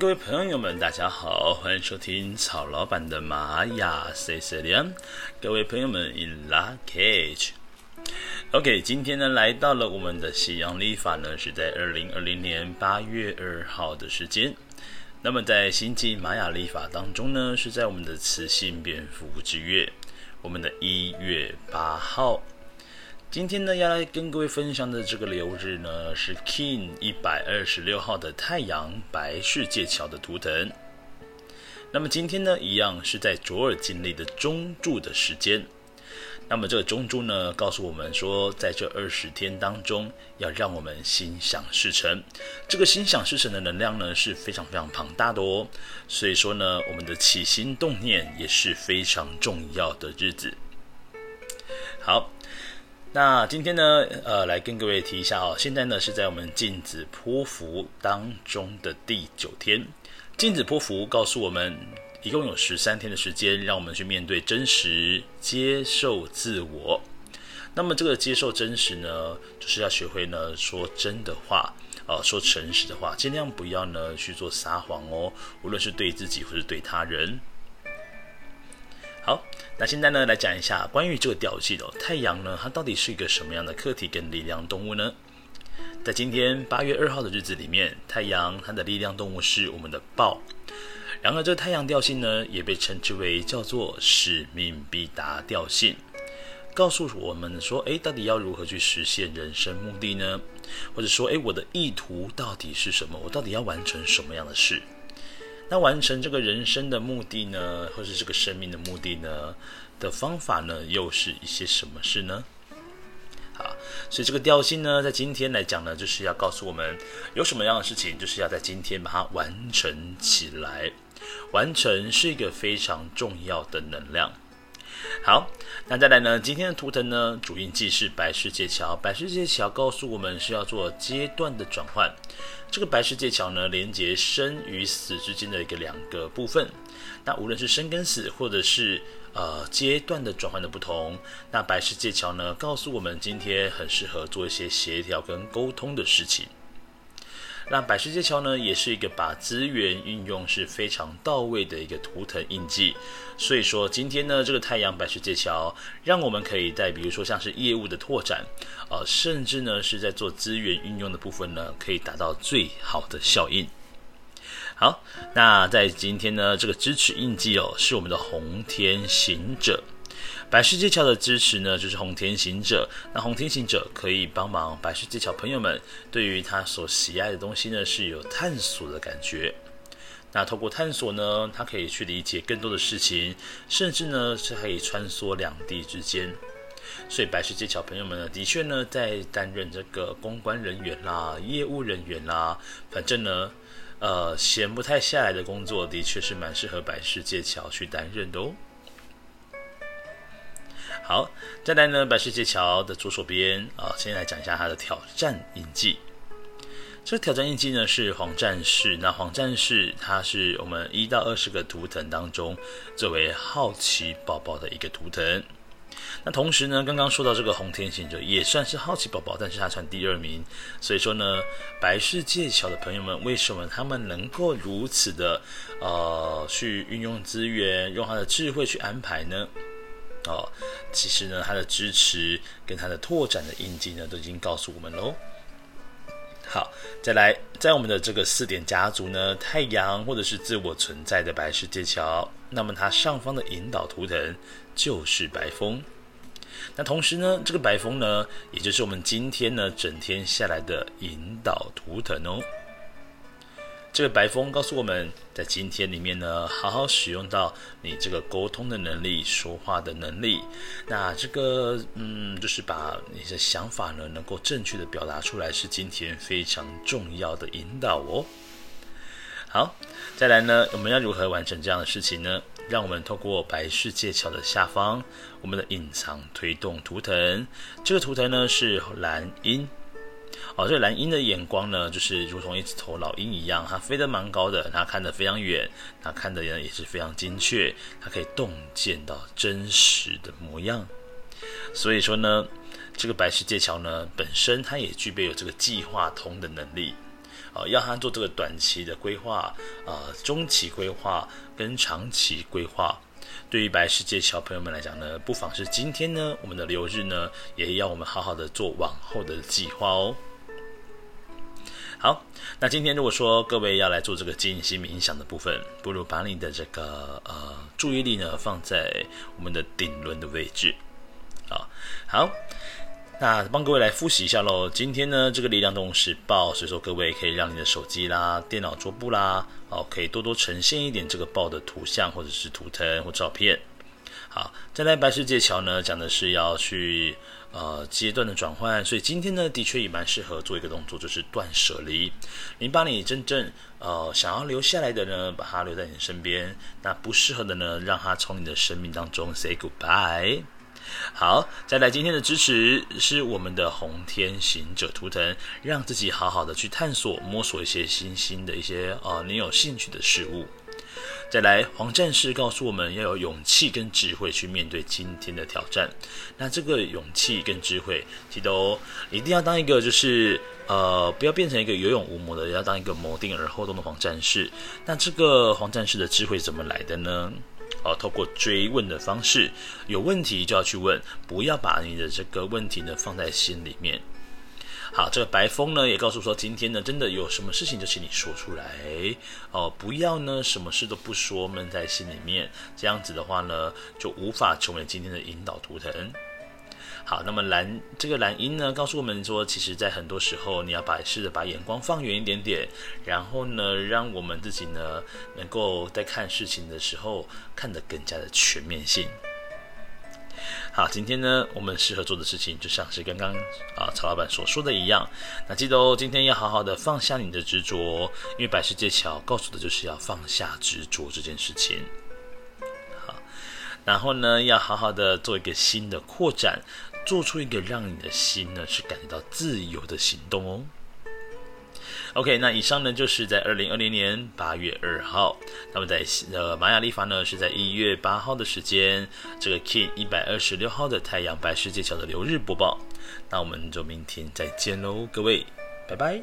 各位朋友們，大家好，歡迎收聽曹老板的瑪雅碎碎念，各位朋友們，In lak'ech。OK，今天呢，來到了我們的西洋曆法呢，是在二零二零年八月二號的時間。那麼在星際瑪雅曆法當中呢，是在我們的雌性蝙蝠之月，我們的一月八號。今天呢，要來跟各位分享的這個流日呢，是 Kin 一百二十六號的太陽白世界橋的圖騰。那麼今天呢，一樣是在卓爾金曆的中柱的時間。那麼這個中柱呢，告訴我們說，在這二十天當中，要讓我們心想事成。這個心想事成的能量呢，是非常非常龐大的哦。所以說呢，我們的起心動念也是非常重要的日子。好。那今天呢，呃，來跟各位提一下哦。現在呢是在我們鏡子波符當中的第九天。鏡子波符告訴我們，一共有十三天的時間，讓我們去面對真實，接受自我。那麼這個接受真實呢，就是要學會呢說真的話，哦、呃，說誠實的話，盡量不要呢去做撒謊哦，無論是對自己或是對他人。好，那現在呢來講一下關於這個調性的哦，太陽呢它到底是一個什麼樣的課題跟力量動物呢？在今天八月二號的日子裡面，太陽它的力量動物是我們的豹。然而這個太陽調性呢也被稱之為叫做使命必達調性，告訴我們說，哎，到底要如何去實現人生目的呢？或者說，哎，我的意圖到底是什麼？我到底要完成什麼樣的事？那完成這個人生的目的呢，或是這個生命的目的呢的方法呢，又是一些什麼事呢？好，所以這個調性呢，在今天來講呢，就是要告訴我們有什麼樣的事情，就是要在今天把它完成起來。完成是一個非常重要的能量。好，那再來呢？今天的圖騰呢，主印記是白世界橋。白世界橋告訴我們是要做階段的轉換。這個白世界橋呢，連接生與死之間的一個兩個部分。那無論是生跟死，或者是呃階段的轉換的不同，那白世界橋呢，告訴我們今天很適合做一些協調跟溝通的事情。那白世界橋呢，也是一個把資源運用是非常到位的一個圖騰印記。所以說，今天呢，這個太陽白世界橋，讓我們可以在比如說像是業務的拓展，呃，甚至呢是在做資源運用的部分呢，可以達到最好的效應。好，那在今天呢，這個支持印記哦，是我們的紅天行者。白世界橋的支持呢，就是紅天行者。那紅天行者可以幫忙白世界橋朋友們，對於他所喜愛的東西呢，是有探索的感覺。那透過探索呢，他可以去理解更多的事情，甚至呢是可以穿梭兩地之間。所以白世界橋朋友們呢，的確呢在擔任這個公關人員啦、業務人員啦，反正呢，呃，閒不太下來的工作，的確是蠻適合白世界橋去擔任的哦。好，再來呢，白世界橋的左手邊啊，先來講一下他的挑戰印記。這個挑戰印記呢是黃戰士，那黃戰士他是我們一到二十個圖騰當中最為好奇寶寶的一個圖騰。那同時呢，剛剛說到這個紅天行者也算是好奇寶寶，但是他佔第二名，所以說呢，白世界橋的朋友們，為什麼他們能夠如此的呃去運用資源，用他的智慧去安排呢？哦，其實呢，它的支持跟它的拓展的印記呢，都已經告訴我們嘍。好，再來，在我們的這個四點家族呢，太陽或者是自我存在的白世界橋，那麼它上方的引導圖騰就是白風。那同時呢，這個白風呢，也就是我們今天呢，整天下來的引導圖騰哦。這個白風告訴我們，在今天裡面呢，好好使用到你這個溝通的能力、說話的能力。那這個，嗯，就是把你的想法呢，能夠正確的表達出來，是今天非常重要的引導哦。好，再來呢，我們要如何完成這樣的事情呢？讓我們透過白世界橋的下方，我們的隱藏推動圖騰，這個圖騰呢是藍鷹。哦，這藍鷹的眼光呢，就是如同一隻頭老鷹一樣，它飛得蠻高的，它看得非常遠，它看的也也是非常精確，它可以洞見到真實的模樣。所以說呢，這個白世界橋呢，本身它也具備有這個計劃通的能力，啊、呃，要它做這個短期的規劃，啊、呃，中期規劃跟長期規劃。對於白世界小朋友們來講呢，不妨是今天呢，我們的流日呢，也要我們好好的做往後的計劃哦。好，那今天如果說各位要來做這個靜心冥想的部分，不如把你的這個呃注意力，呢放在我們的頂輪的位置。啊，好。那幫各位來復習一下嘍。今天呢，這個力量動物是豹，所以說各位可以讓你的手機啦、電腦桌布啦，好、哦，可以多多呈現一點這個豹的圖像或者是圖騰或者照片。好，再來白世界橋呢，講的是要去呃階段的轉換，所以今天呢，的確也蠻適合做一個動作，就是斷捨離。你把你真正呃想要留下來的呢，把它留在你身邊；那不適合的呢，讓它從你的生命當中 say goodbye。好，再來，今天的支持是我們的紅天行者圖騰，讓自己好好的去探索、摸索一些新興的一些呃，你有興趣的事物。再來，黃戰士告訴我們要有勇氣跟智慧去面對今天的挑戰。那這個勇氣跟智慧，記得哦，一定要當一個就是呃，不要變成一個有勇無謀的，要當一個謀定而後動的黃戰士。那這個黃戰士的智慧怎麼來的呢？哦，透過追問的方式，有問題就要去問，不要把你的這個問題呢，放在心裡面。好，這個白風呢也告訴說，今天呢真的有什麼事情就請你說出來，哦，不要呢什麼事都不說悶在心裡面，這樣子的話呢就無法成為今天的引導圖騰。好，那麼藍這個藍鷹呢，告訴我們說，其實，在很多時候，你要試著把眼光放遠一點點，然後呢，讓我們自己呢，能夠在看事情的時候，看得更加的全面性。好，今天呢，我們適合做的事情，就像是剛剛啊曹老闆所說的一樣，那記得哦，今天要好好的放下你的執着，因為白世界橋告訴的就是要放下執着這件事情。好，然後呢，要好好的做一個新的擴展。做出一個讓你的心呢是感覺到自由的行動哦。OK，那以上呢就是在二零二零年八月二號，那麼在呃瑪雅曆法呢是在一月八號的時間，這個 Kin 一百二十六號的太陽白世界橋的流日播報，那我們就明天再見嘍，各位，拜拜。